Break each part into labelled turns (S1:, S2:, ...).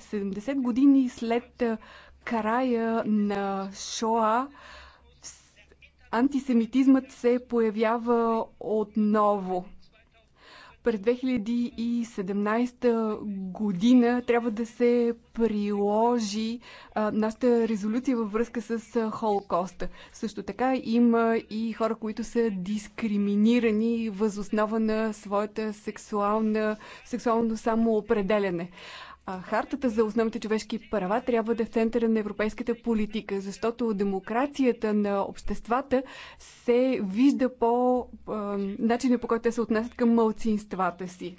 S1: 70 години след края на Шоа антисемитизмът се появява отново. През 2017 година трябва да се приложи а, нашата резолюция във връзка с Холокоста. Също така има и хора, които са дискриминирани възоснова на своята сексуална, сексуално самоопределяне. А хартата за основните човешки права трябва да е в центъра на европейската политика, защото демокрацията на обществата се вижда по а, начина по който те се отнасят към мълцинствата си.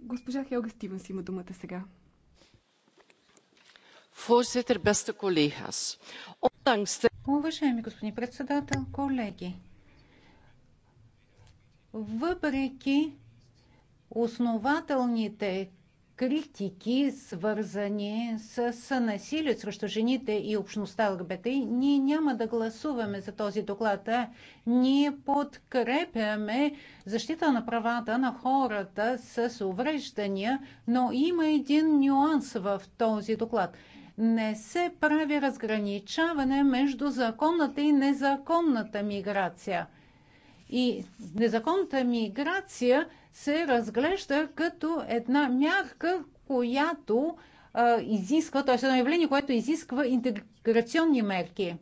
S1: Госпожа Хелга Стивенс има думата сега. Voorzitter, беста колегас.
S2: Уважаеми господин председател, колеги, въпреки основателните критики, свързани с насилие срещу жените и общността ЛГБТ, ние няма да гласуваме за този доклад. А ние подкрепяме защита на правата на хората с увреждания, но има един нюанс в този доклад. Не се прави разграничаване между законната и незаконната миграция. И незаконната миграция – се разглежда като една мярка, която а, изисква, т.е. едно явление, което изисква интеграционни мерки.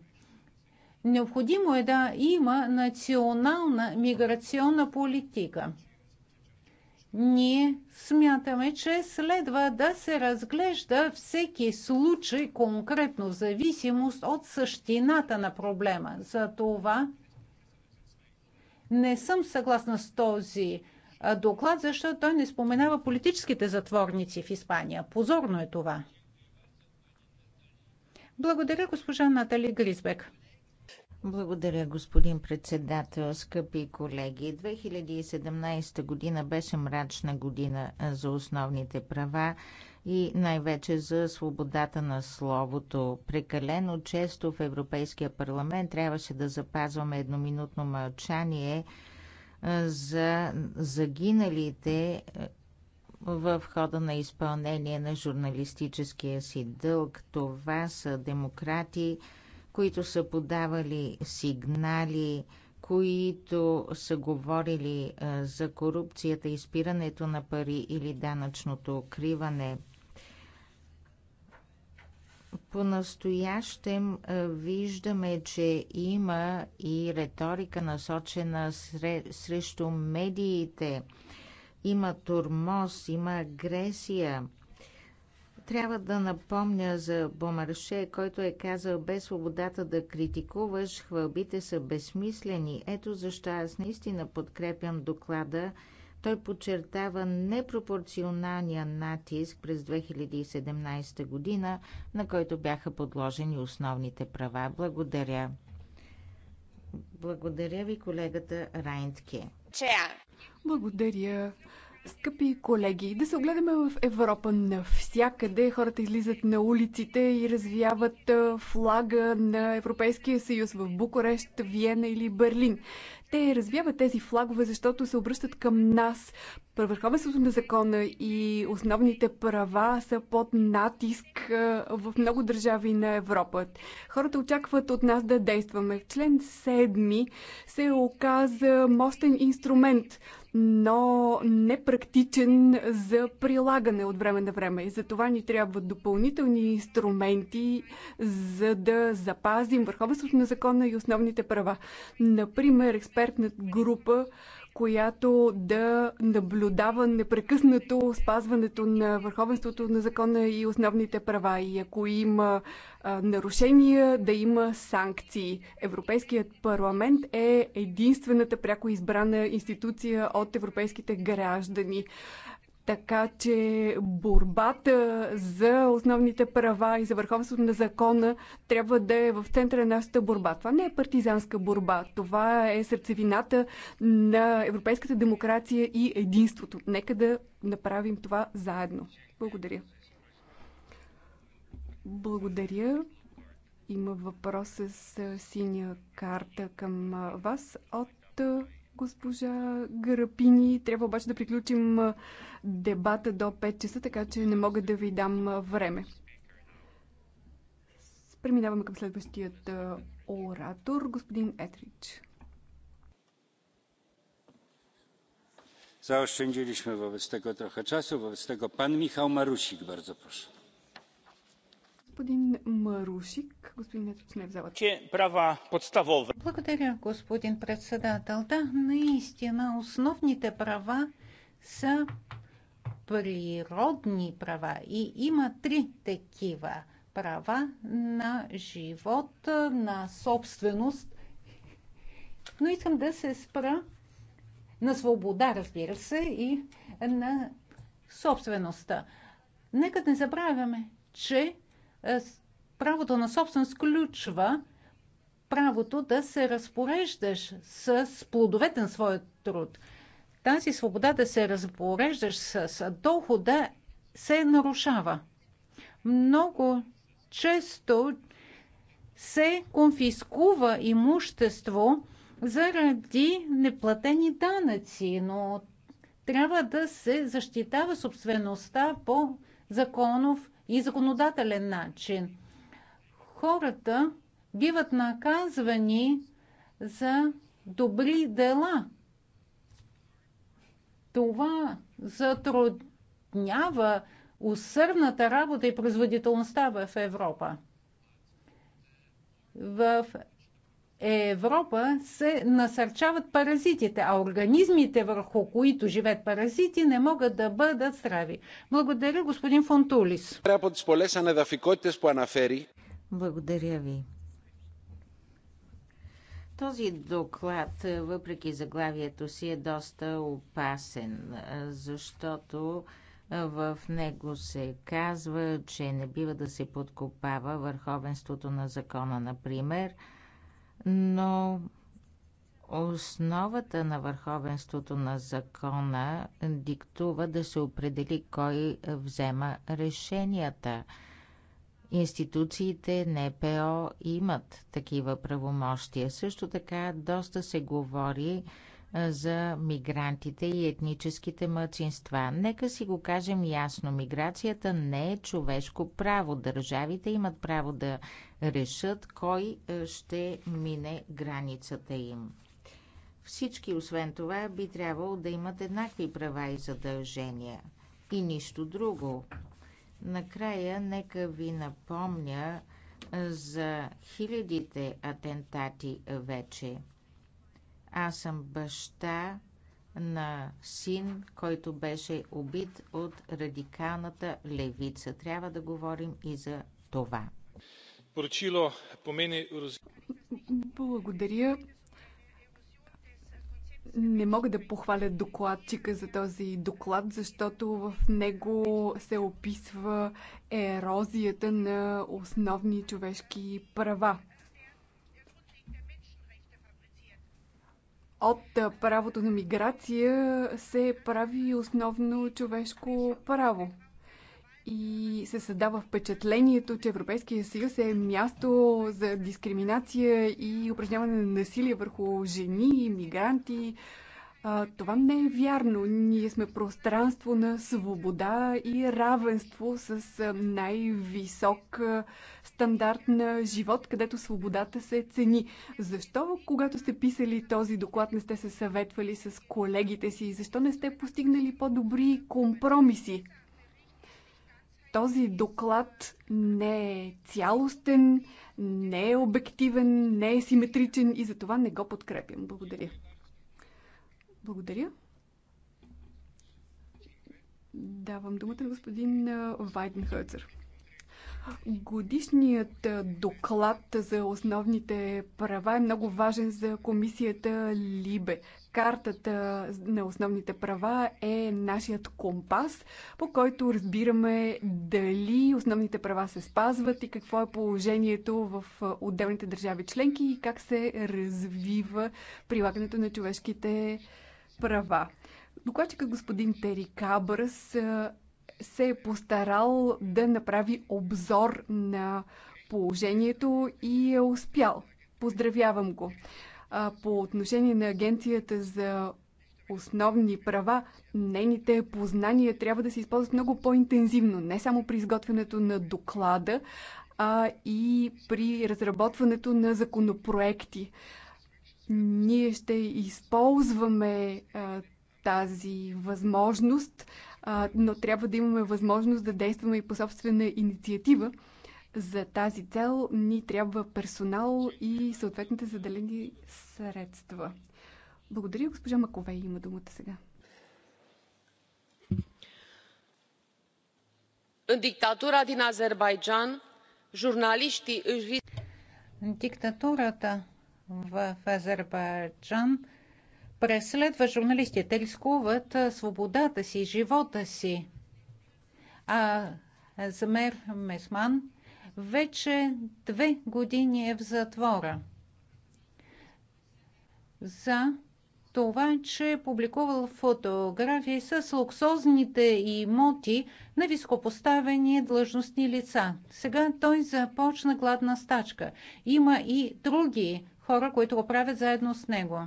S2: Необходимо е да има национална миграционна политика. Ние смятаме, че следва да се разглежда всеки случай конкретно в зависимост от същината на проблема. За това не съм съгласна с този доклад, защото той не споменава политическите затворници в Испания. Позорно е това. Благодаря, госпожа Натали Гризбек.
S3: Благодаря, господин председател, скъпи колеги. 2017 година беше мрачна година за основните права и най-вече за свободата на словото. Прекалено често в Европейския парламент трябваше да запазваме едноминутно мълчание – за загиналите в хода на изпълнение на журналистическия си дълг. Това са демократи, които са подавали сигнали, които са говорили за корупцията, изпирането на пари или данъчното укриване. По-настоящем виждаме, че има и риторика насочена срещу медиите. Има турмоз, има агресия. Трябва да напомня за Бомарше, който е казал без свободата да критикуваш, хвалбите са безсмислени. Ето защо аз наистина подкрепям доклада той подчертава непропорционалния натиск през 2017 година, на който бяха подложени основните права. Благодаря.
S1: Благодаря ви, колегата Райнтке. Чея. Благодаря. Скъпи колеги, да се огледаме в Европа навсякъде. Хората излизат на улиците и развяват флага на Европейския съюз в Букурещ, Виена или Берлин. Те развяват тези флагове, защото се обръщат към нас. Върховенството на закона и основните права са под натиск в много държави на Европа. Хората очакват от нас да действаме. В член 7 се оказа мощен инструмент но непрактичен за прилагане от време на време. И за това ни трябват допълнителни инструменти, за да запазим върховенството на закона и основните права. Например, експертна група, която да наблюдава непрекъснато спазването на върховенството на закона и основните права. И ако има а, нарушения, да има санкции. Европейският парламент е единствената пряко избрана институция от европейските граждани. Така че борбата за основните права и за върховството на закона трябва да е в центъра на нашата борба. Това не е партизанска борба. Това е сърцевината на европейската демокрация и единството. Нека да направим това заедно. Благодаря. Благодаря. Има въпрос с синя карта към вас от госпожа Гарапини. Трябва обаче да приключим дебата до 5 часа, така че не мога да ви дам време. Преминаваме към следващият оратор, господин Етрич.
S2: сме wobec tego троха часа. във tego пан Михал Marusik, бързо прошу.
S1: Господин Марушик, господин Нецоцнев, Че права
S2: Благодаря, господин председател. Да, наистина основните права са природни права и има три такива права на живот, на собственост. Но искам да се спра на свобода, разбира се, и на собствеността. Нека не забравяме, че е, правото на собственост включва правото да се разпореждаш с плодовете на своя труд. Тази свобода да се разпореждаш с дохода се нарушава. Много често се конфискува имущество заради неплатени данъци, но трябва да се защитава собствеността по законов и законодателен начин. Хората биват наказвани за добри дела. Това затруднява усърдната работа и производителността в Европа. В Европа се насърчават паразитите, а организмите, върху които живеят паразити, не могат да бъдат здрави. Благодаря, господин Фонтулис. Благодаря ви.
S3: Този доклад, въпреки заглавието си, е доста опасен, защото в него се казва, че не бива да се подкопава върховенството на закона, например – но основата на върховенството на закона диктува да се определи кой взема решенията. Институциите НПО имат такива правомощия. Също така доста се говори за мигрантите и етническите мъчинства. Нека си го кажем ясно. Миграцията не е човешко право. Държавите имат право да решат кой ще мине границата им. Всички, освен това, би трябвало да имат еднакви права и задължения. И нищо друго. Накрая, нека ви напомня за хилядите атентати вече – аз съм баща на син, който беше убит от радикалната левица. Трябва да
S1: говорим и за
S3: това. Поръчило помени...
S1: Благодаря. Не мога да похваля докладчика за този доклад, защото в него се описва ерозията на основни човешки права от правото на миграция се прави основно човешко право. И се създава впечатлението, че Европейския съюз е място за дискриминация и упражняване на насилие върху жени, мигранти, а, това не е вярно. Ние сме пространство на свобода и равенство с най-висок стандарт на живот, където свободата се цени. Защо, когато сте писали този доклад, не сте се съветвали с колегите си? Защо не сте постигнали по-добри компромиси? Този доклад не е цялостен, не е обективен, не е симетричен и затова не го подкрепям. Благодаря. Благодаря. Давам думата на господин Вайденхъцер. Годишният доклад за основните права е много важен за комисията Либе. Картата на основните права е нашият компас, по който разбираме дали основните права се спазват и какво е положението в отделните държави членки и как се развива прилагането на човешките права права. Докладчика господин Тери Кабърс е, се е постарал да направи обзор на положението и е успял. Поздравявам го. По отношение на Агенцията за основни права, нейните познания трябва да се използват много по-интензивно, не само при изготвянето на доклада, а и при разработването на законопроекти. Ние ще използваме а, тази възможност, а, но трябва да имаме възможност да действаме и по собствена инициатива. За тази цел ни трябва персонал и съответните заделени средства. Благодаря, госпожа Маковей има думата сега.
S2: Диктатура на Азербайджан, журналисти. Диктатурата в Азербайджан преследва журналисти. Те рискуват свободата си, живота си. А Замер Месман вече две години е в затвора за това, че е публикувал фотографии с луксозните имоти на високопоставени длъжностни лица. Сега той започна гладна стачка. Има и други хора, които го правят заедно с него.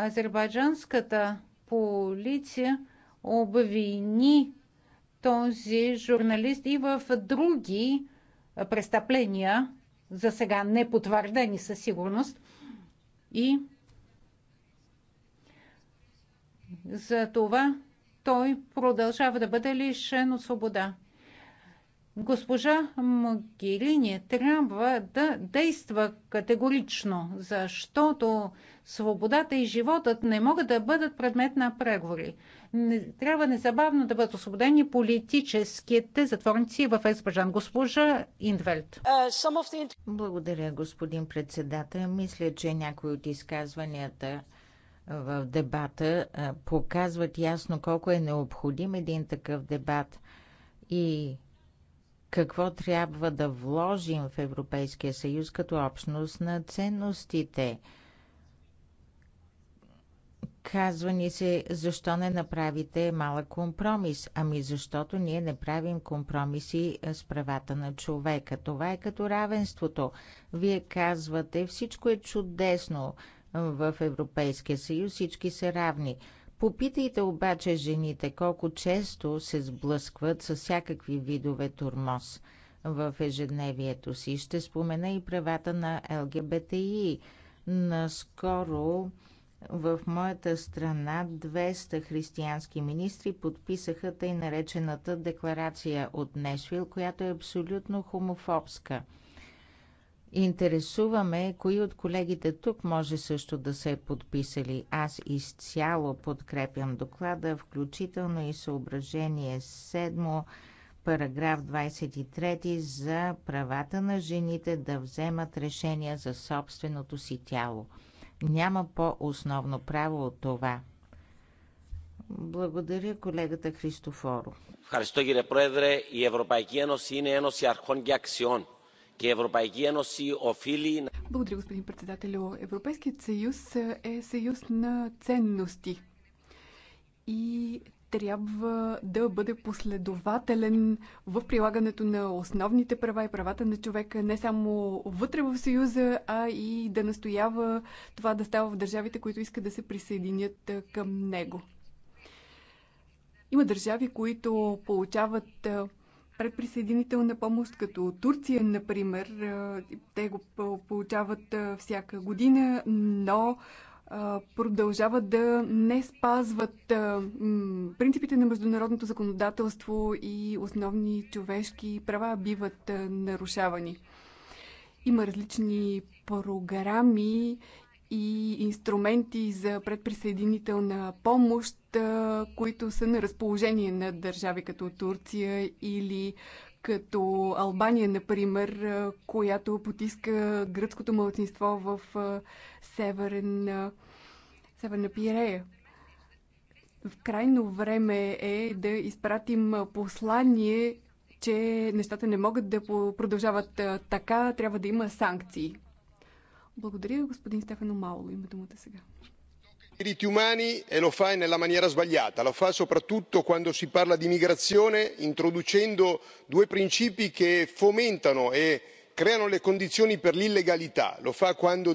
S2: Азербайджанската полиция обвини този журналист и в други престъпления, за сега непотвърдени със сигурност. И за това той продължава да бъде лишен от свобода. Госпожа Могилини трябва да действа категорично, защото свободата и животът не могат да бъдат предмет на преговори. Трябва незабавно да бъдат освободени политическите затворници в Азербайджан. Госпожа Индвелт. Е, Благодаря,
S3: господин председател. Мисля, че някои от изказванията в дебата е, показват ясно колко е необходим един такъв дебат. И какво трябва да вложим в Европейския съюз като общност на ценностите. Казва ни се, защо не направите малък компромис? Ами защото ние не правим компромиси с правата на човека. Това е като равенството. Вие казвате, всичко е чудесно в Европейския съюз, всички са равни. Попитайте обаче жените колко често се сблъскват с всякакви видове турмоз в ежедневието си. Ще спомена и правата на ЛГБТИ. Наскоро в моята страна 200 християнски министри подписаха тъй наречената декларация от Нешвил, която е абсолютно хомофобска – Интересуваме, кои от колегите тук може също да се е подписали. Аз изцяло подкрепям доклада, включително и съображение 7, параграф 23 за правата на жените да вземат решения за собственото си тяло. Няма по-основно право от това. Благодаря колегата Христофоро.
S2: Ευχαριστώ κύριε Πρόεδρε. Η Ευρωπαϊκή Ένωση е ένωση αρχών
S1: благодаря, господин председател. Европейският съюз е съюз на ценности и трябва да бъде последователен в прилагането на основните права и правата на човека не само вътре в Съюза, а и да настоява това да става в държавите, които искат да се присъединят към него. Има държави, които получават предприсъединителна помощ, като Турция, например. Те го получават всяка година, но продължават да не спазват принципите на международното законодателство и основни човешки права биват нарушавани. Има различни програми и инструменти за предприсъединителна помощ, които са на разположение на държави като Турция или като Албания, например, която потиска гръцкото младсинство в северен, Северна Пирея. В крайно време е да изпратим послание, че нещата не могат да продължават така, трябва да има санкции. Благодаря, господин Стефано Мауло. Има думата сега diritti umani e lo fa nella maniera sbagliata lo fa soprattutto quando si parla di immigrazione introducendo due principi che fomentano e creano le condizioni per l'illegalità lo fa quando.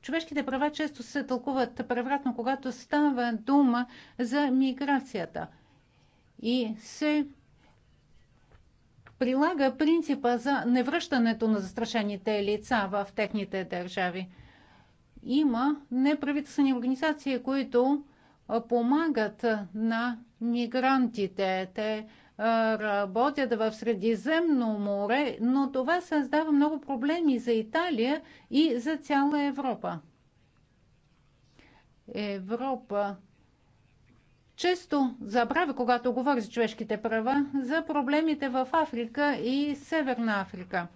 S2: Човешките права често се тълкуват превратно, когато става дума за миграцията. И се прилага принципа за невръщането на застрашените лица в техните държави. Има неправителствени организации, които помагат на мигрантите. Те работят в Средиземно море, но това създава много проблеми за Италия и за цяла Европа. Европа често забравя, когато говори за човешките права, за проблемите в Африка и Северна Африка.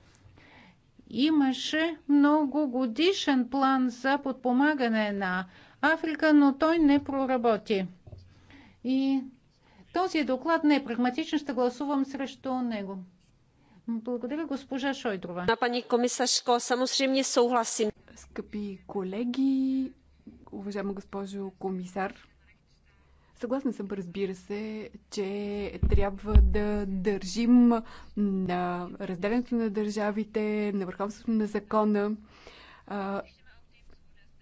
S2: Имаше много годишен план за подпомагане на Африка, но той не проработи. И този доклад не е прагматичен, ще гласувам срещу него.
S1: Благодаря, госпожа Шойдрова. На пани комисашко, samozřejmě съгласим. Скъпи колеги, уважаема госпожо комисар, Съгласна съм, разбира се, че трябва да държим на разделянето на държавите, на върховството на закона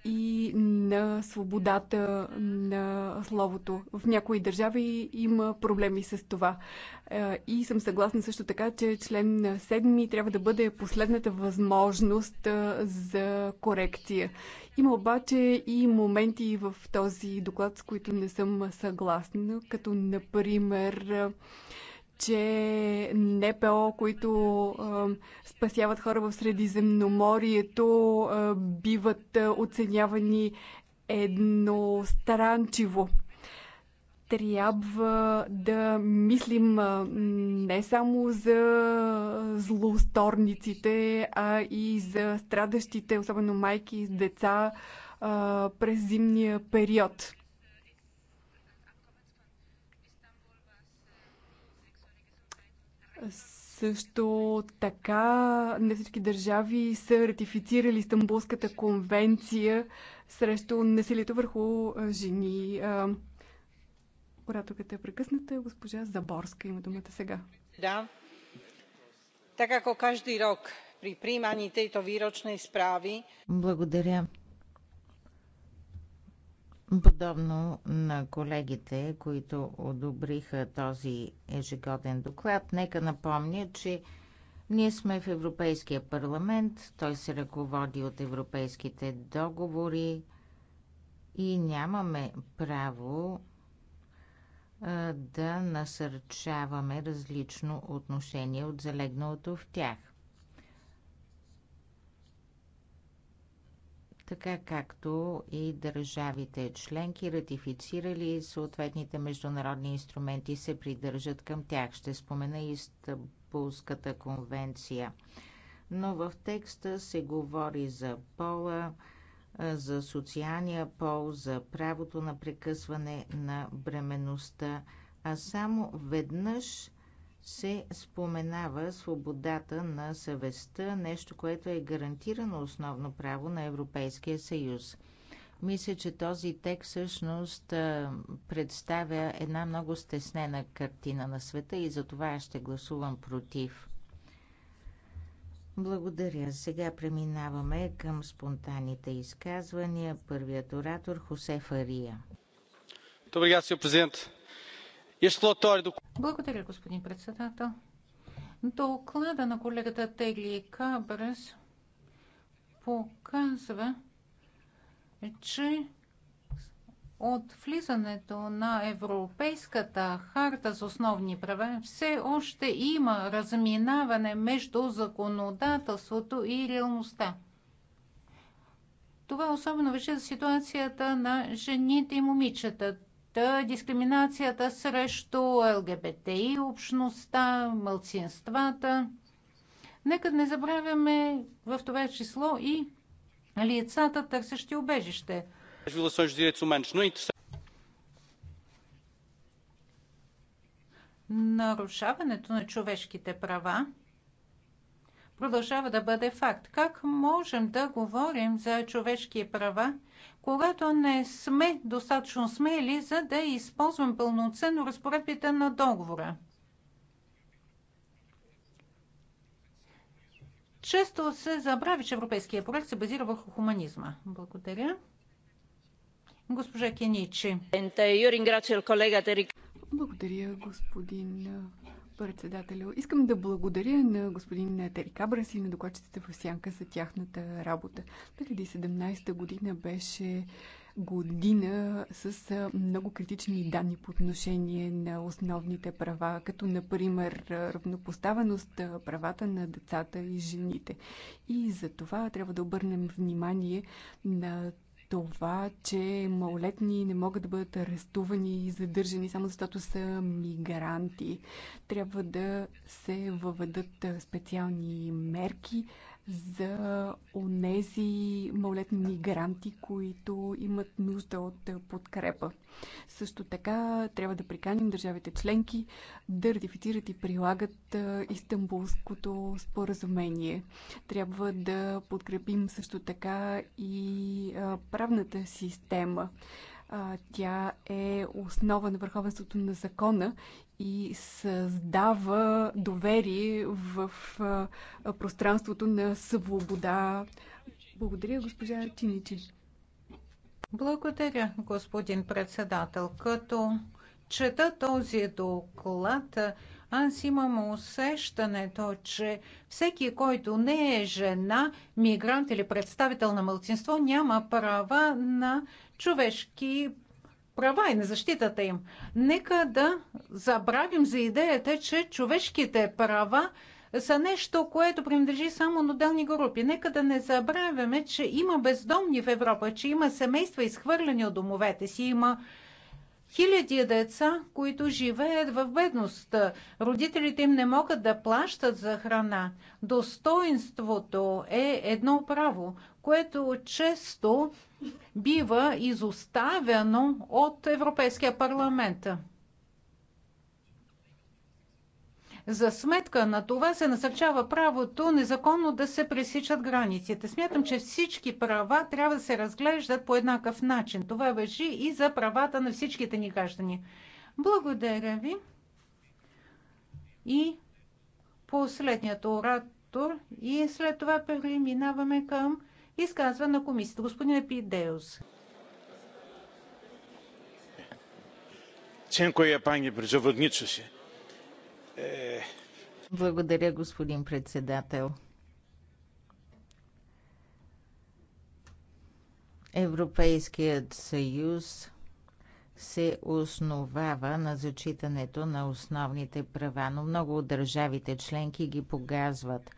S1: и на свободата на словото. В някои държави има проблеми с това. Е, и съм съгласна също така, че член 7 трябва да бъде последната възможност е, за корекция. Има обаче и моменти в този доклад, с които не съм съгласна, като например е, че НПО, които а, спасяват хора в Средиземноморието, а, биват а, оценявани едностранчиво. Трябва да мислим а, не само за злосторниците, а и за страдащите, особено майки с деца, а, през зимния период Също така не всички държави са ратифицирали Стамбулската конвенция срещу насилието върху жени. Ораторката е прекъсната. Госпожа Заборска има думата сега.
S2: Да. Tak ako každý rok pri príjmaní tejto výročnej správy.
S1: Благодаря.
S3: Подобно на колегите, които одобриха този ежегоден доклад, нека напомня, че ние сме в Европейския парламент, той се ръководи от европейските договори и нямаме право да насърчаваме различно отношение от залегналото в тях. така както и държавите членки, ратифицирали съответните международни инструменти, се придържат към тях. Ще спомена и Стамбулската конвенция. Но в текста се говори за пола, за социалния пол, за правото на прекъсване на бременността, а само веднъж се споменава свободата на съвестта, нещо, което е гарантирано основно право на Европейския съюз. Мисля, че този текст всъщност представя една много стеснена картина на света и за това ще гласувам против. Благодаря. Сега преминаваме към спонтанните изказвания. Първият оратор Хосе Фария.
S2: Добре, господин президент. Благодаря, господин председател. Доклада на колегата Тегли Кабрес показва, че от влизането на Европейската харта за основни права все още има разминаване между законодателството и реалността. Това особено вече за ситуацията на жените и момичетата Та дискриминацията срещу ЛГБТИ общността, мълцинствата. Нека не забравяме в това число и лицата, търсещи убежище. Нарушаването на човешките права продължава да бъде факт. Как можем да говорим за човешки права, когато не сме достатъчно смели, за да използваме пълноценно разпоредбите на договора. Често се забрави, че европейския проект се базира върху хуманизма. Благодаря.
S1: Госпожа Кеничи. Благодаря, господин председателю. Искам да благодаря на господин Тери Кабранс и на докладчиците в Сянка за тяхната работа. 2017 година беше година с много критични данни по отношение на основните права, като например равнопоставеност, правата на децата и жените. И за това трябва да обърнем внимание на това, че малолетни не могат да бъдат арестувани и задържани само защото са мигранти. Трябва да се въведат специални мерки, за онези малолетни мигранти, които имат нужда от подкрепа. Също така трябва да приканим държавите членки да ратифицират и прилагат Истанбулското споразумение. Трябва да подкрепим също така и правната система. Тя е основа на върховенството на закона и създава доверие в пространството на свобода. Благодаря, госпожа Чиничи.
S2: Благодаря, господин председател. Като чета този доклад, аз имам усещането, че всеки, който не е жена, мигрант или представител на мълцинство, няма права на човешки права и на защитата им. Нека да забравим за идеята, че човешките права са нещо, което принадлежи само на отделни групи. Нека да не забравяме, че има бездомни в Европа, че има семейства изхвърлени от домовете си, има хиляди деца, които живеят в бедност. Родителите им не могат да плащат за храна. Достоинството е едно право, което често бива изоставено от Европейския парламент. За сметка на това се насърчава правото незаконно да се пресичат границите. Смятам, че всички права трябва да се разглеждат по еднакъв начин. Това въжи и за правата на всичките ни граждани. Благодаря ви. И последният оратор. И след това преминаваме към изказва на комисията. Господин Епидеус.
S1: E,
S3: Благодаря, господин председател. Европейският съюз се основава на зачитането на основните права, но много от държавите членки ги погазват.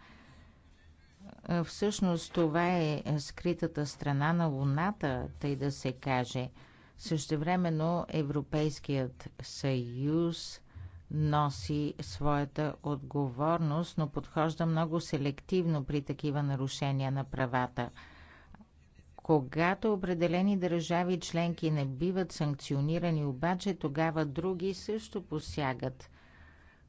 S3: Всъщност това е скритата страна на Луната, тъй да се каже. Същевременно Европейският съюз носи своята отговорност, но подхожда много селективно при такива нарушения на правата. Когато определени държави членки не биват санкционирани, обаче тогава други също посягат –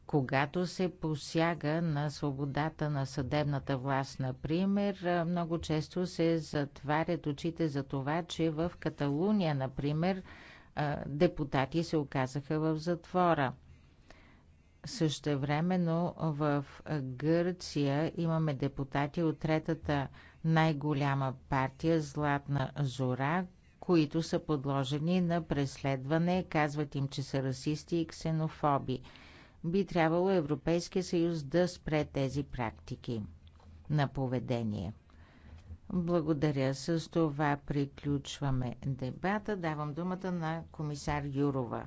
S3: когато се посяга на свободата на съдебната власт, например, много често се затварят очите за това, че в Каталуния, например, депутати се оказаха в затвора. Същевременно в Гърция имаме депутати от третата най-голяма партия Златна Зора, които са подложени на преследване, казват им, че са расисти и ксенофоби – би трябвало Европейския съюз да спре тези практики на поведение. Благодаря. С това приключваме дебата. Давам думата на комисар Юрова.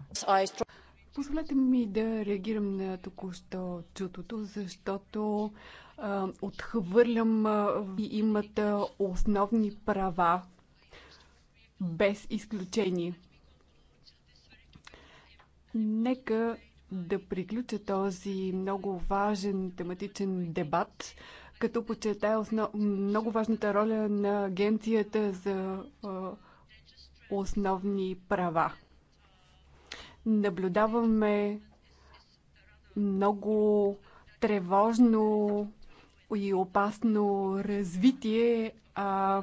S1: Позволете ми да реагирам на току-що чутото, защото а, отхвърлям а, имат основни права без изключение. Нека да приключа този много важен тематичен дебат, като подчертая основ... много важната роля на Агенцията за основни права. Наблюдаваме много тревожно и опасно развитие, а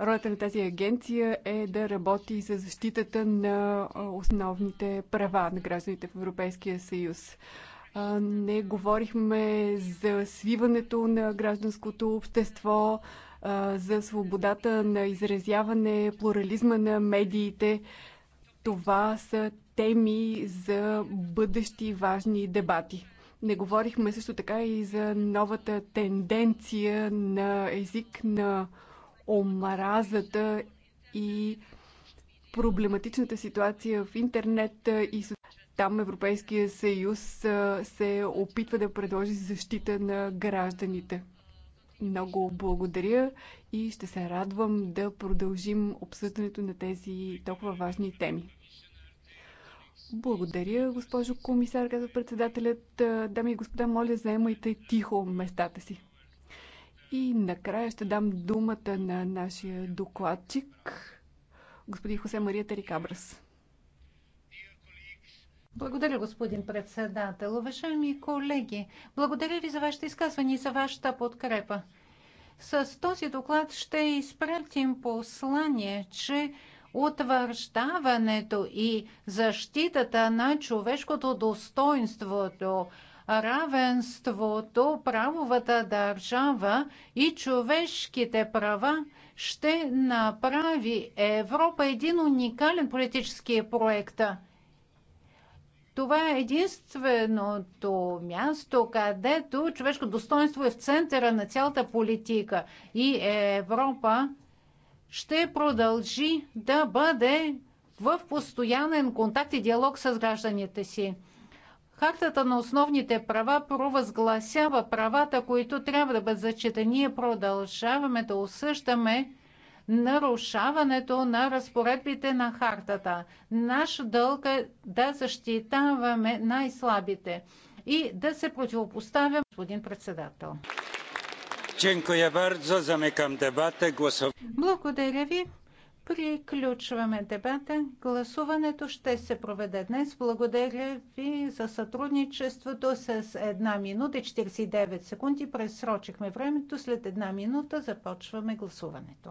S1: Ролята на тази агенция е да работи за защитата на основните права на гражданите в Европейския съюз. Не говорихме за свиването на гражданското общество, за свободата на изразяване, плурализма на медиите. Това са теми за бъдещи важни дебати. Не говорихме също така и за новата тенденция на език на омразата и проблематичната ситуация в интернет и там Европейския съюз се опитва да предложи защита на гражданите. Много благодаря и ще се радвам да продължим обсъждането на тези толкова важни теми. Благодаря, госпожо комисар, казва председателят. Дами и господа, моля, заемайте тихо местата си. И накрая ще дам думата на нашия докладчик, господин Хосе Мария Терикабрас.
S2: Благодаря, господин председател. Уважаеми колеги, благодаря ви за вашите изказване и за вашата подкрепа. С този доклад ще изпратим послание, че утвърждаването и защитата на човешкото достоинството равенството, правовата държава и човешките права ще направи Европа един уникален политически проект. Това е единственото място, където човешко достоинство е в центъра на цялата политика и Европа ще продължи да бъде в постоянен контакт и диалог с гражданите си. Хартата на основните права провъзгласява правата, които трябва да бъдат зачитани. Ние продължаваме да осъщаме нарушаването на разпоредбите на хартата. Наш дълг е да защитаваме най-слабите и да се противопоставяме господин председател. Благодаря ви. Приключваме дебата. Гласуването ще се проведе днес. Благодаря ви за сътрудничеството с 1 минута и 49 секунди. Пресрочихме времето. След една минута започваме гласуването.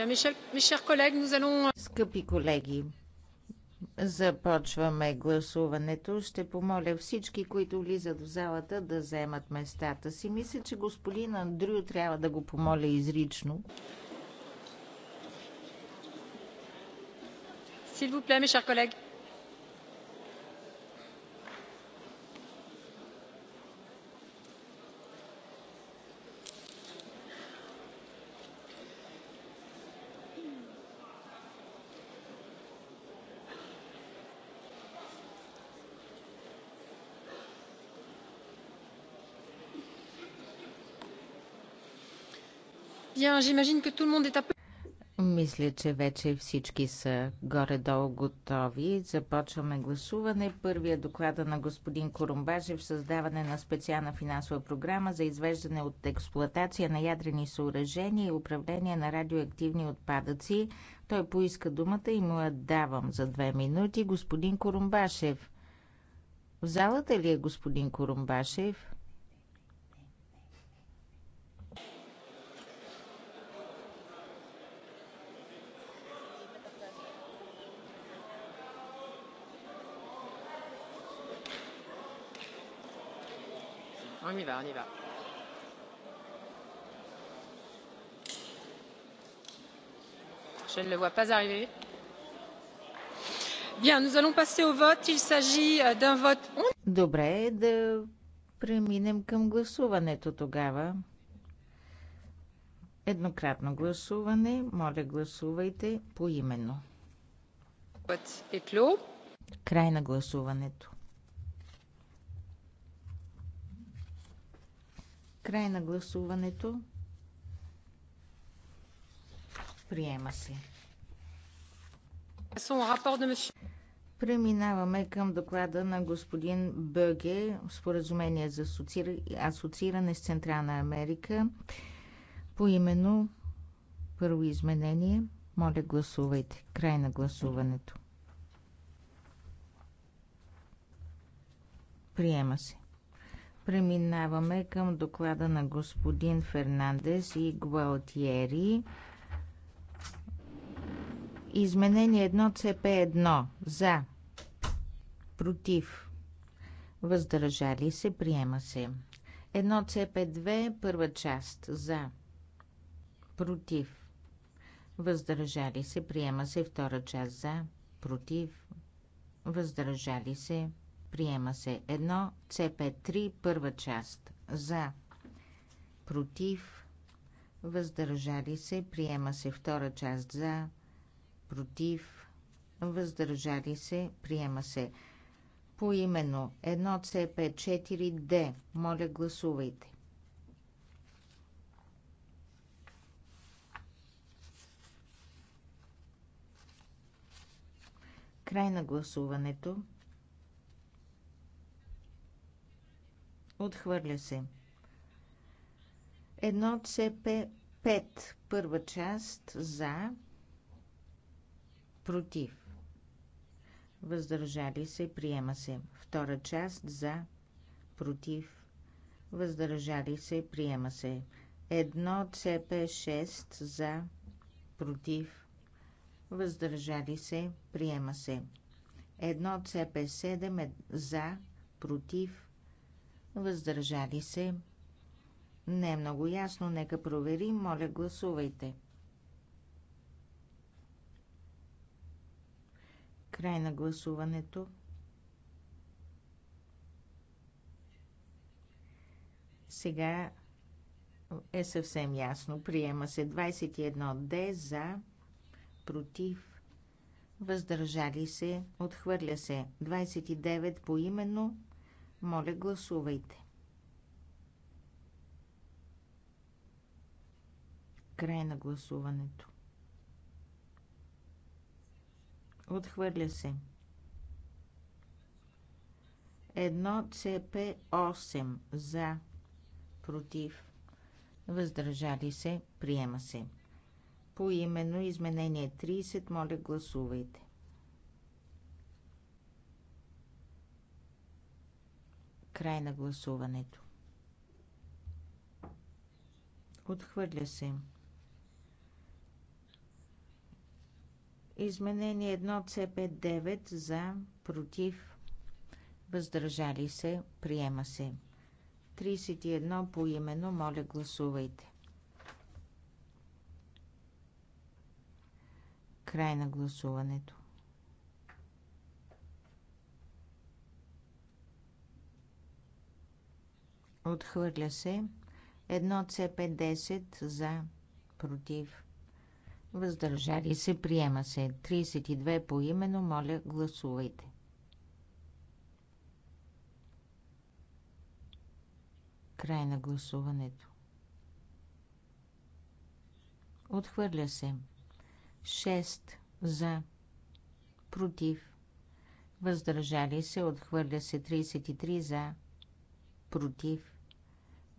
S2: Euh,
S3: Скъпи колеги, започваме гласуването. Ще помоля всички, които влизат в залата, да заемат местата си. Мисля, че господин Андрю трябва да го помоля изрично.
S2: S'il vous plaît, mes chers collègues.
S3: Мисля, че вече всички са горе-долу готови. Започваме гласуване. Първия е доклада на господин Корумбажев създаване на специална финансова програма за извеждане от експлоатация на ядрени съоръжения и управление на радиоактивни отпадъци. Той поиска думата и му я давам за две минути. Господин Корумбашев. В залата ли е господин Корумбашев?
S2: on y va, on y va. Je ne le vois pas arriver. Bien, nous allons passer au vote. Il s'agit euh, d'un vote.
S3: Добре е да преминем към гласуването тогава. Еднократно гласуване. Моля, гласувайте поименно. Край на гласуването. Край на гласуването. Приема се. Преминаваме към доклада на господин Бъге, споразумение за асоцииране с Централна Америка. По именно първо изменение. Моля, гласувайте. Край на гласуването. Приема се. Преминаваме към доклада на господин Фернандес и Гуалтиери. Изменение 1 ЦП1 за против въздържали се приема се. 1 ЦП2 първа част за против въздържали се приема се втора част за против въздържали се Приема се 1 CP3 първа част. За. Против. Въздържали се. Приема се втора част. За. Против. Въздържали се. Приема се по именно 1 CP4D. Моля, гласувайте. Край на гласуването. Отхвърля се. Едно ЦП 5. Първа част за. Против. Въздържали се. Приема се. Втора част за. Против. Въздържали се. Приема се. Едно ЦП 6 за. Против. Въздържали се. Приема се. Едно ЦП 7 е за. Против въздържали се. Не е много ясно, нека проверим, моля гласувайте. Край на гласуването. Сега е съвсем ясно. Приема се 21 Д за, против, въздържали се, отхвърля се. 29 по именно моля, гласувайте. Край на гласуването. Отхвърля се. 1 CP 8 за против въздържали се приема се. По именно изменение 30 моля гласувайте. Край на гласуването. Отхвърля се. Изменение 1 CP9 за против. Въздържали се. Приема се. 31 по имено. Моля гласувайте. Край на гласуването. Отхвърля се. Едно C510 за. Против. Въздържали се. Приема се. 32 по имено. Моля, гласувайте. Край на гласуването. Отхвърля се. 6 за. Против. Въздържали се. Отхвърля се. 33 за. Против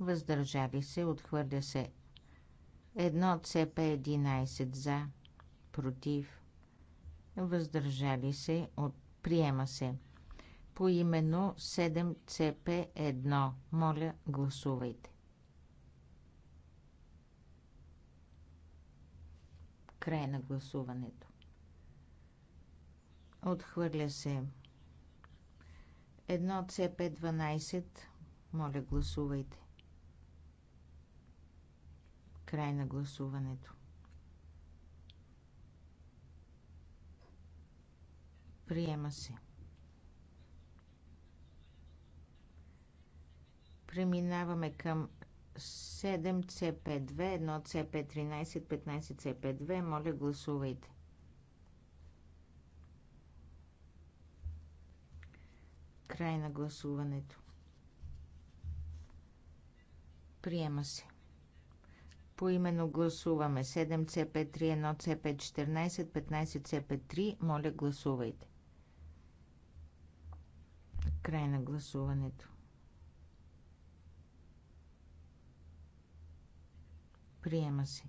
S3: въздържали се, отхвърля се. Едно ЦП 11 за, против, въздържали се, от, приема се. По именно 7 CP1. Моля, гласувайте. Край на гласуването. Отхвърля се. Едно цп 12 Моля, гласувайте. Край на гласуването. Приема се. Преминаваме към 7CP2, 1CP13, 15CP2. Моля, гласувайте. Край на гласуването. Приема се поименно гласуваме 7 CP31, CP14, 15 CP3. Моля, гласувайте. Край на гласуването. Приема се.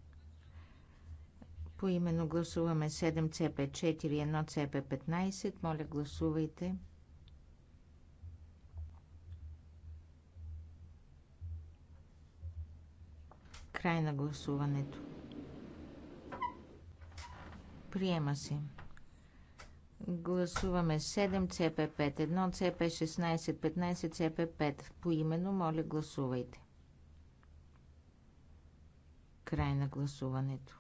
S3: По именно гласуваме 7 CP4, CP15. Моля, Гласувайте. Край на гласуването. Приема се. Гласуваме 7 CP5, 1 CP16, 15 CP5. имено моля, гласувайте. Край на гласуването.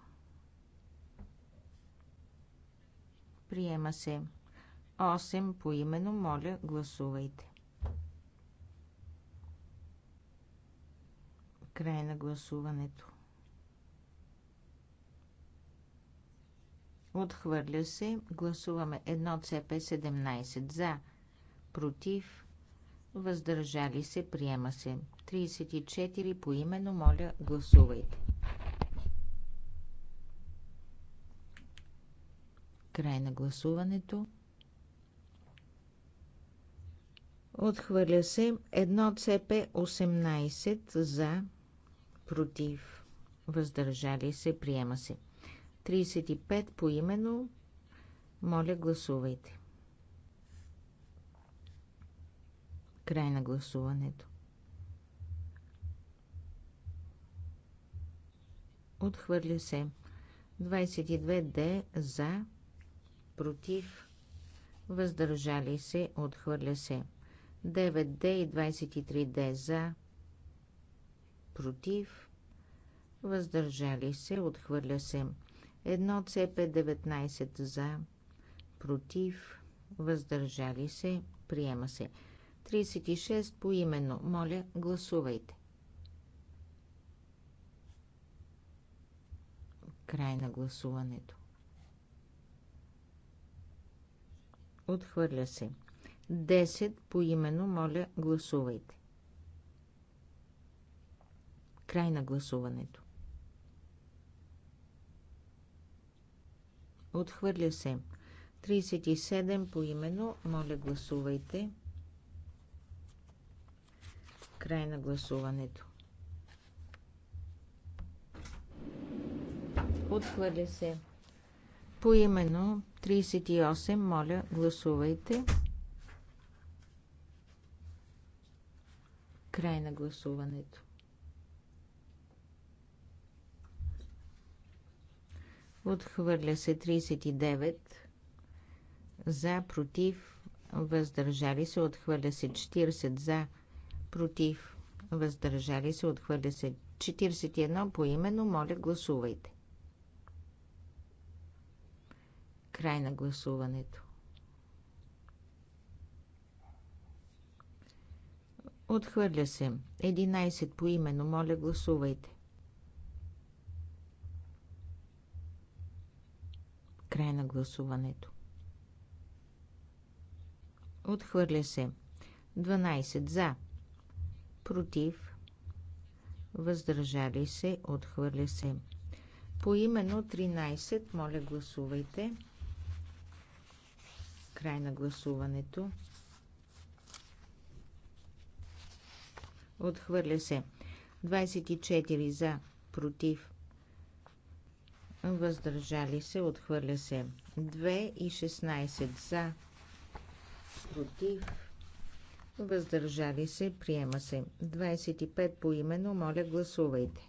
S3: Приема се. 8 имено моля, гласувайте. Край на гласуването. Отхвърля се. Гласуваме 1 ЦП 17 за. Против. Въздържали се. Приема се. 34 по имено Моля, гласувайте. Край на гласуването. Отхвърля се 1 цп 18 за против, въздържали се, приема се. 35 по именно, моля гласувайте. Край на гласуването. Отхвърля се. 22 Д за, против, въздържали се, отхвърля се. 9 Д и 23 Д за, против, въздържали се, отхвърля се. 1 CP19 за, против, въздържали се, приема се. 36 по именно. Моля, гласувайте. Край на гласуването. Отхвърля се. 10 по именно. Моля, гласувайте. Край на гласуването. Отхвърля се. 37 по имено. Моля, гласувайте. Край на гласуването. Отхвърля се. По имено 38, моля, гласувайте. Край на гласуването. Отхвърля се 39 за, против, въздържали се, отхвърля се 40 за, против, въздържали се, отхвърля се 41 по именно, моля гласувайте. Край на гласуването. Отхвърля се 11 по именно, моля гласувайте. Край на гласуването. Отхвърля се. 12 за. Против. Въздържали се. Отхвърля се. По именно 13. Моля, гласувайте. Край на гласуването. Отхвърля се. 24 за. Против въздържали се, отхвърля се. 2 и 16 за, против, въздържали се, приема се. 25 по именно, моля гласувайте.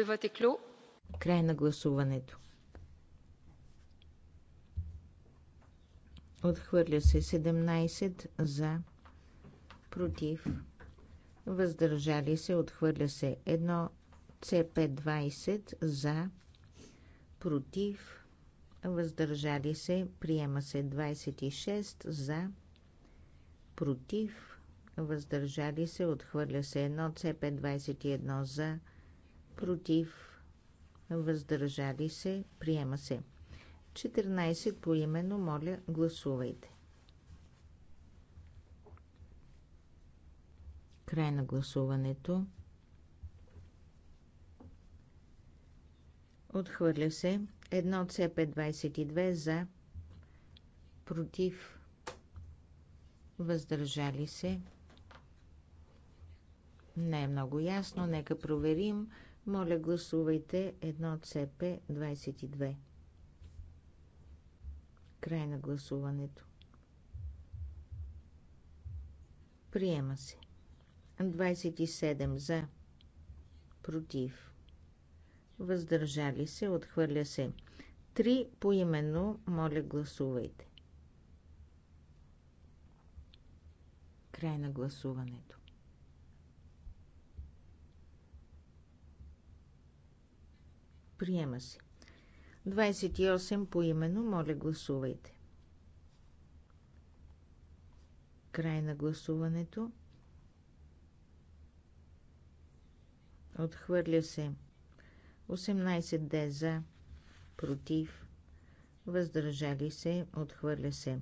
S3: Лювате клю. Край на гласуването. Отхвърля се 17 за, против, въздържали се, отхвърля се 1 CP20 за, против, въздържали се, приема се 26 за, против, въздържали се, отхвърля се 1, CP21 за, против, въздържали се, приема се 14 по именно, моля, гласувайте. Край на гласуването. Отхвърля се. 1 CP22 за. Против. Въздържали се. Не е много ясно. Нека проверим. Моля, гласувайте 1 CP22. Край на гласуването. Приема се. 27 за. Против въздържали се, отхвърля се. 3 поименно, моля гласувайте. Край на гласуването. Приема се. 28 поименно, моля гласувайте. Край на гласуването. Отхвърля се. 18 де за, против, въздържали се, отхвърля се.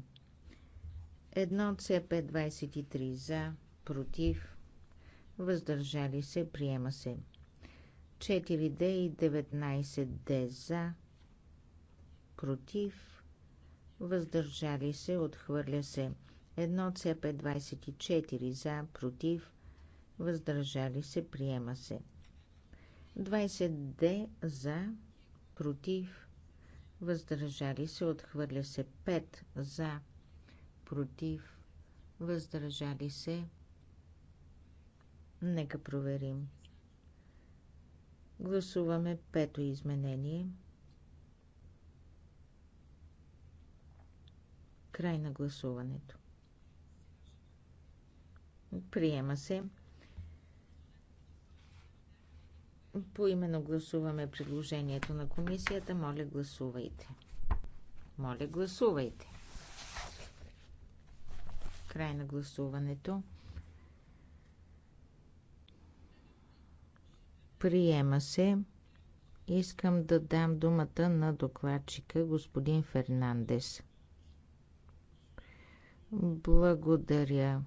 S3: 1 CP 23 за, против, въздържали се, приема се. 4D и 19D за, против, въздържали се, отхвърля се. 1 CP 24 за, против, въздържали се, приема се. 20D за, против, въздържали се, отхвърля се 5 за, против, въздържали се. Нека проверим. Гласуваме пето изменение. Край на гласуването. Приема се По именно гласуваме предложението на комисията. Моля, гласувайте. Моля, гласувайте. Край на гласуването. Приема се. Искам да дам думата на докладчика господин Фернандес. Благодаря.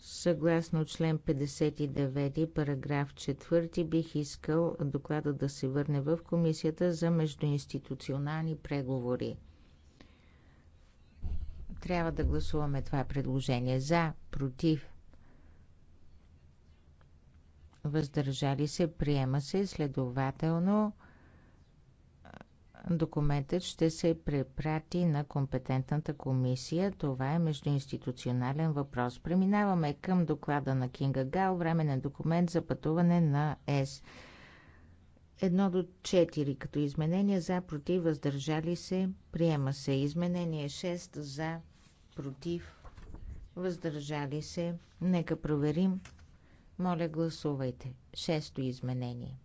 S3: Съгласно член 59, параграф 4, бих искал доклада да се върне в Комисията за междуинституционални преговори. Трябва да гласуваме това предложение. За, против, въздържали се, приема се, следователно Документът ще се препрати на компетентната комисия. Това е междуинституционален въпрос. Преминаваме към доклада на Кинга Гал, временен документ за пътуване на ЕС. Едно до 4 като изменение за, против, въздържали се, приема се. Изменение 6 за, против, въздържали се. Нека проверим. Моля, гласувайте. Шесто изменение.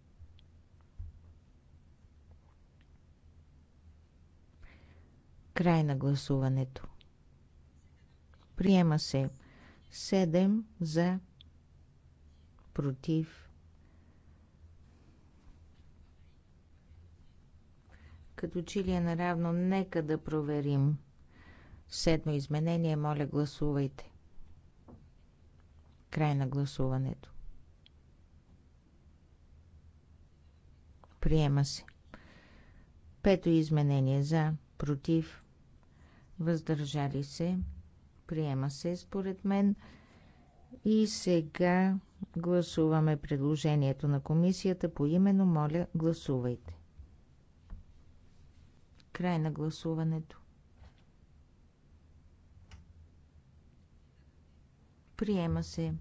S3: Край на гласуването. Приема се 7 за против. Като чили е наравно, нека да проверим. Седмо изменение, моля гласувайте. Край на гласуването. Приема се. Пето изменение за, против, въздържали се, приема се според мен. И сега гласуваме предложението на комисията по именно. Моля, гласувайте. Край на гласуването. Приема се.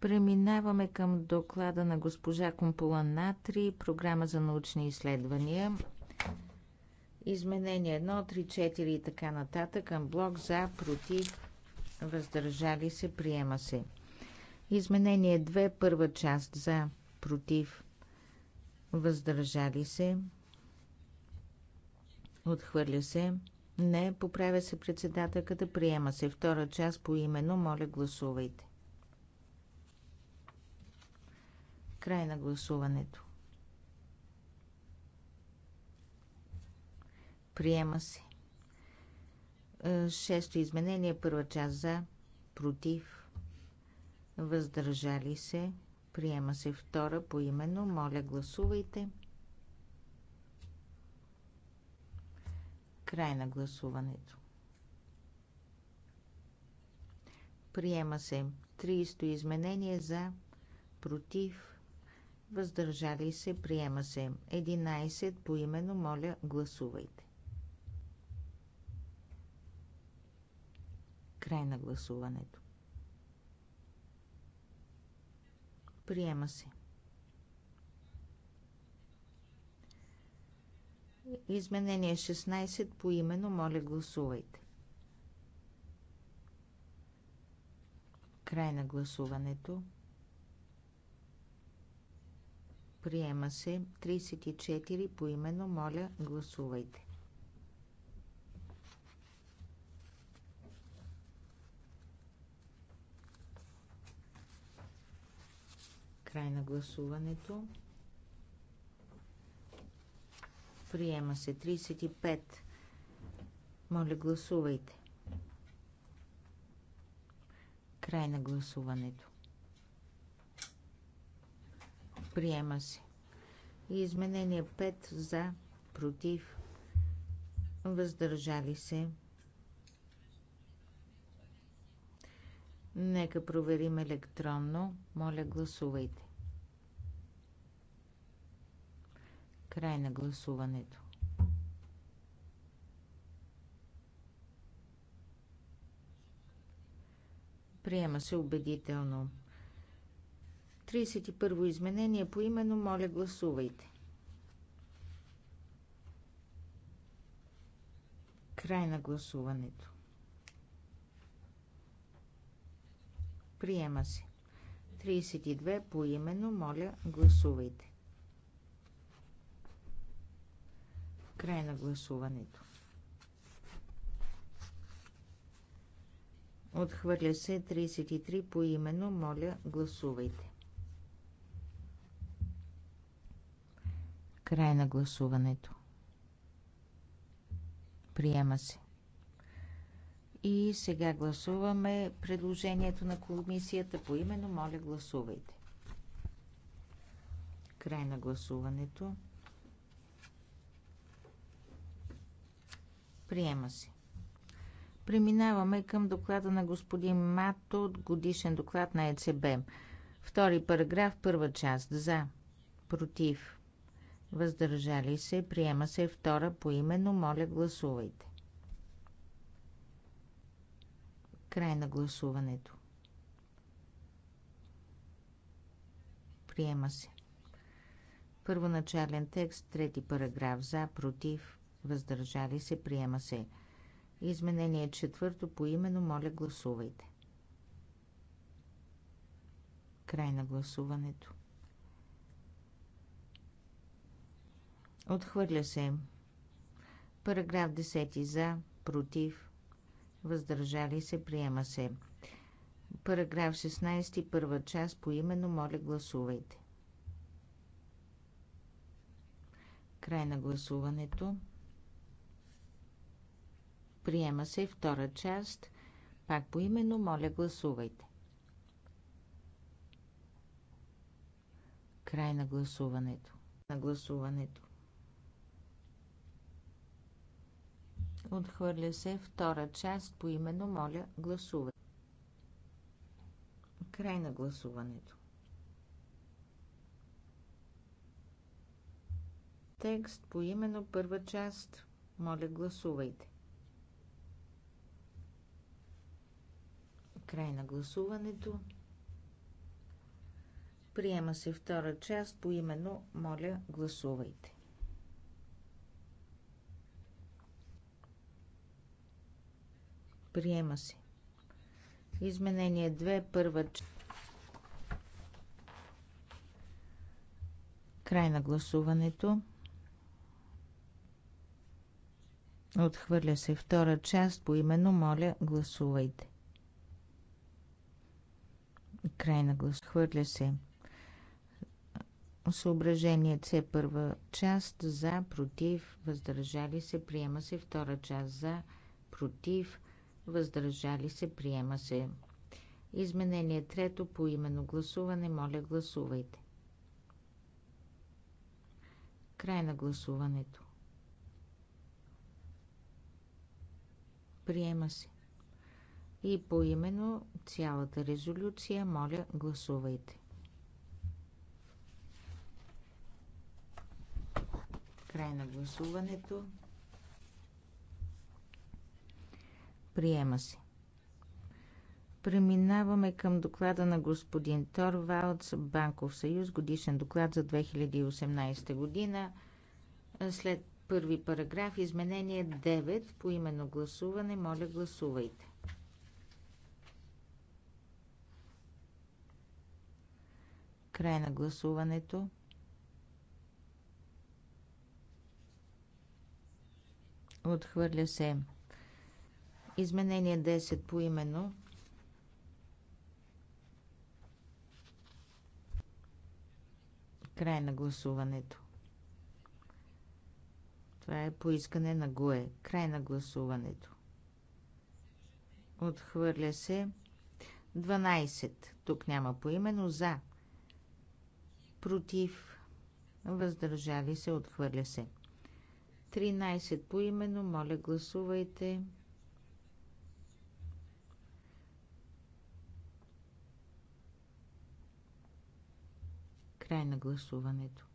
S3: Преминаваме към доклада на госпожа Компола Натри, програма за научни изследвания. Изменение 1, 3, 4 и така нататък. Блок за, против, въздържали се, приема се. Изменение 2, първа част за, против, въздържали се, отхвърля се. Не, поправя се председателката, приема се. Втора част по именно, моля гласувайте. Край на гласуването. Приема се. Е, шесто изменение, първа част за, против, въздържали се. Приема се втора по именно. Моля, гласувайте. Край на гласуването. Приема се 30 изменение за, против, въздържали се. Приема се 11 по именно. Моля, гласувайте. Край на гласуването. Приема се. Изменение 16 по имено моля гласувайте. Край на гласуването. Приема се 34 по имено моля гласувайте. Край на гласуването. Приема се 35. Моля, гласувайте. Край на гласуването. Приема се. И изменение 5 за, против, въздържали се. Нека проверим електронно. Моля, гласувайте. Край на гласуването. Приема се убедително. 31 во изменение по именно, моля гласувайте. Край на гласуването. Приема се. 32 по именно, моля гласувайте. Край на гласуването. Отхвърля се 33 по именно. Моля, гласувайте. Край на гласуването. Приема се. И сега гласуваме предложението на комисията по именно. Моля, гласувайте. Край на гласуването. Приема се. Преминаваме към доклада на господин Мато от годишен доклад на ЕЦБ. Втори параграф, първа част. За. Против. Въздържали се. Приема се втора по именно. Моля, гласувайте. Край на гласуването. Приема се. Първоначален текст, трети параграф. За. Против въздържали се, приема се. Изменение четвърто по именно, моля гласувайте. Край на гласуването. Отхвърля се. Параграф 10 за, против, въздържали се, приема се. Параграф 16, първа част по именно, моля гласувайте. Край на гласуването. Приема се втора част. Пак по именно, моля гласувайте. Край на гласуването. На гласуването. Отхвърля се втора част по именно, моля гласувайте. Край на гласуването. Текст по именно първа част. Моля гласувайте. Край на гласуването. Приема се втора част по именно моля гласувайте. Приема се. Изменение 2, първа Край на гласуването. Отхвърля се втора част по именно моля гласувайте. Край на глас. Хвърля се. Съображение С. Първа част. За, против, въздържали се. Приема се. Втора част. За, против, въздържали се. Приема се. Изменение трето по именно гласуване. Моля, гласувайте. Край на гласуването. Приема се и по именно цялата резолюция. Моля, гласувайте. Край на гласуването. Приема се. Преминаваме към доклада на господин Торвалдс, Банков съюз, годишен доклад за 2018 година. След първи параграф, изменение 9 по именно гласуване. Моля, гласувайте. Край на гласуването. Отхвърля се. Изменение 10 по именно. Край на гласуването. Това е поискане на ГУЕ. Край на гласуването. Отхвърля се. 12. Тук няма поимено за против, въздържали се, отхвърля се. 13 по имено, моля гласувайте. Край на гласуването.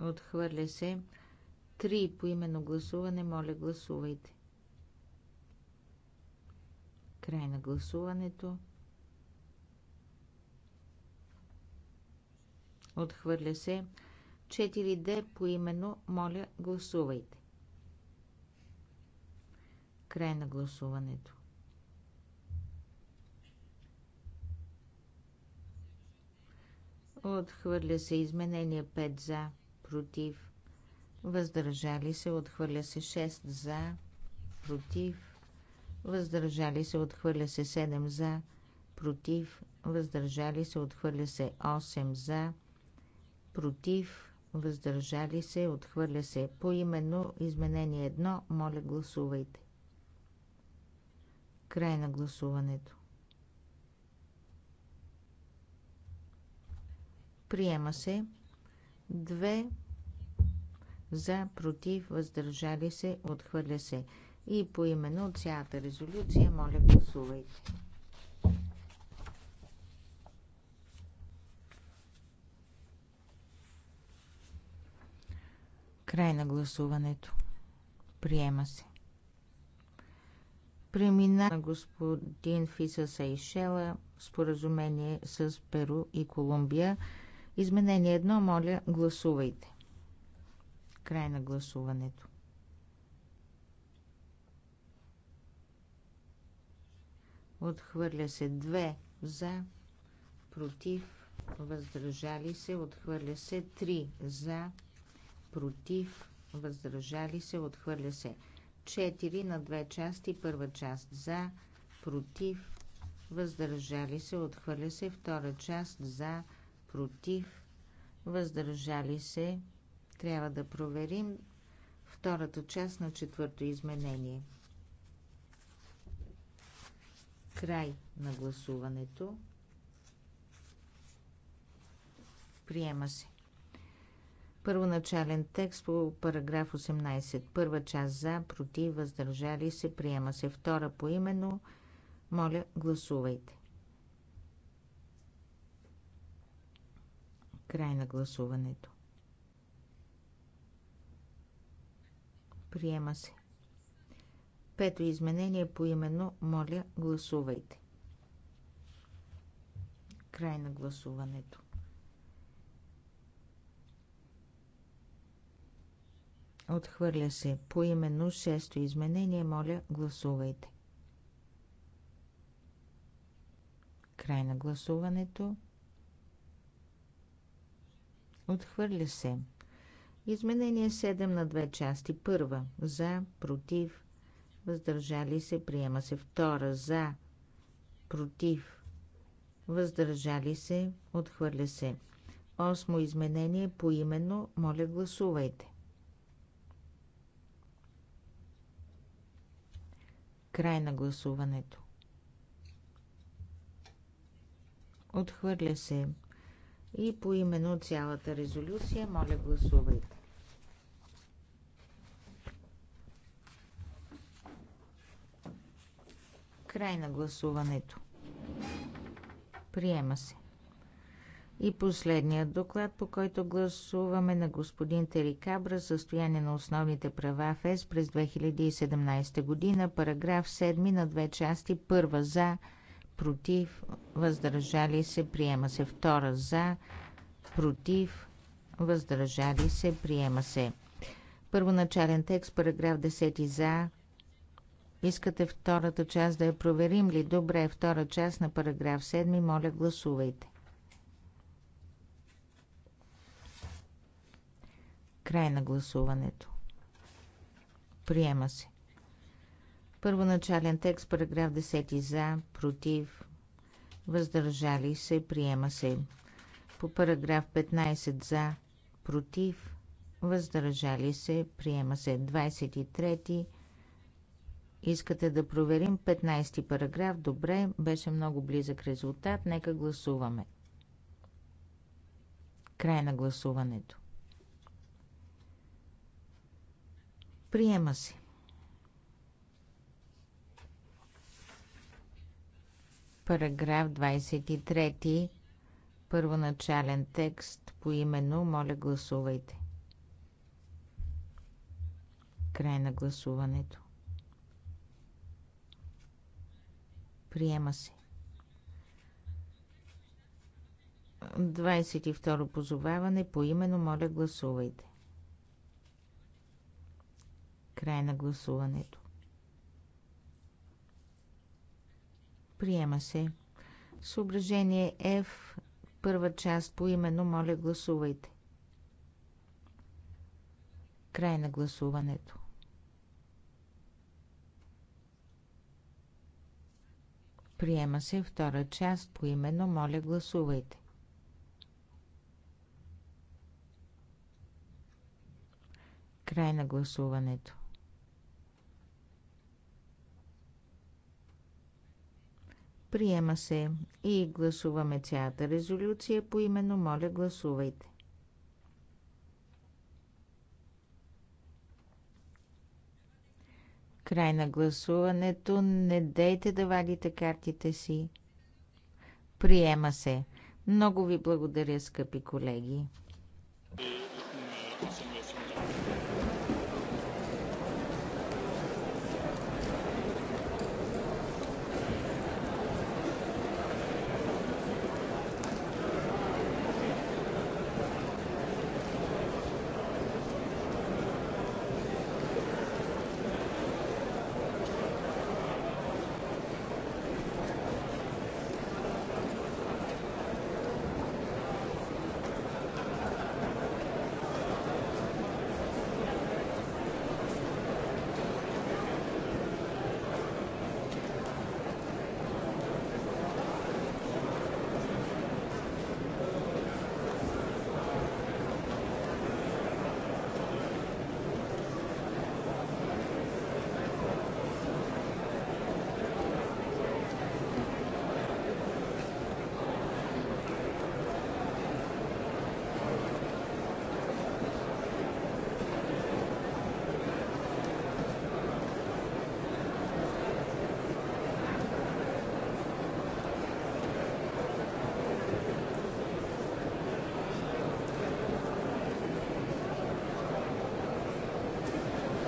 S3: Отхвърля се. 3 по именно гласуване, моля гласувайте. Край на гласуването. Отхвърля се. 4D по именно. Моля, гласувайте. Край на гласуването. Отхвърля се изменение 5 за, против. Въздържали се, отхвърля се 6 за, против. Въздържали се, отхвърля се 7 за, против. Въздържали се, отхвърля се 8 за, против против, въздържали се, отхвърля се. По именно изменение 1, моля гласувайте. Край на гласуването. Приема се 2 за, против, въздържали се, отхвърля се. И по именно цялата резолюция, моля гласувайте. Край на гласуването. Приема се. Премина на господин Фиса Сейшела споразумение с Перу и Колумбия. Изменение едно, Моля, гласувайте. Край на гласуването. Отхвърля се 2 за, против, въздържали се. Отхвърля се 3 за, против, въздържали се, отхвърля се. 4 на две части, първа част за, против, въздържали се, отхвърля се, втора част за, против, въздържали се. Трябва да проверим втората част на четвърто изменение. Край на гласуването. Приема се. Първоначален текст по параграф 18. Първа част за, против, въздържали се, приема се. Втора по именно. Моля, гласувайте. Край на гласуването. Приема се. Пето изменение по именно. Моля, гласувайте. Край на гласуването. Отхвърля се по именно шесто изменение. Моля, гласувайте. Край на гласуването. Отхвърля се. Изменение 7 на две части. Първа – за, против, въздържали се, приема се. Втора – за, против, въздържали се, отхвърля се. Осмо изменение по именно, моля гласувайте. Край на гласуването. Отхвърля се и по именно цялата резолюция. Моля, гласувайте. Край на гласуването. Приема се. И последният доклад, по който гласуваме на господин Терикабра състояние на основните права в ЕС през 2017 година, параграф 7 на две части. Първа за, против, въздържали се, приема се. Втора за, против, въздържали се, приема се. Първоначален текст, параграф 10 за. Искате втората част да я проверим ли? Добре, втора част на параграф 7, моля гласувайте. Край на гласуването. Приема се. Първоначален текст, параграф 10 за, против, въздържали се, приема се. По параграф 15 за, против, въздържали се, приема се. 23. Искате да проверим 15 параграф. Добре, беше много близък резултат. Нека гласуваме. Край на гласуването. Приема се. Параграф 23. Първоначален текст по именно. Моля, гласувайте. Край на гласуването. Приема се. 22. Позоваване по именно. Моля, гласувайте. Край на гласуването. Приема се. Съображение F, първа част по именно, моля гласувайте. Край на гласуването. Приема се втора част по именно, моля гласувайте. Край на гласуването. Приема се и гласуваме цялата резолюция по именно. Моля, гласувайте. Край на гласуването. Не дейте да вадите картите си. Приема се. Много ви благодаря, скъпи колеги.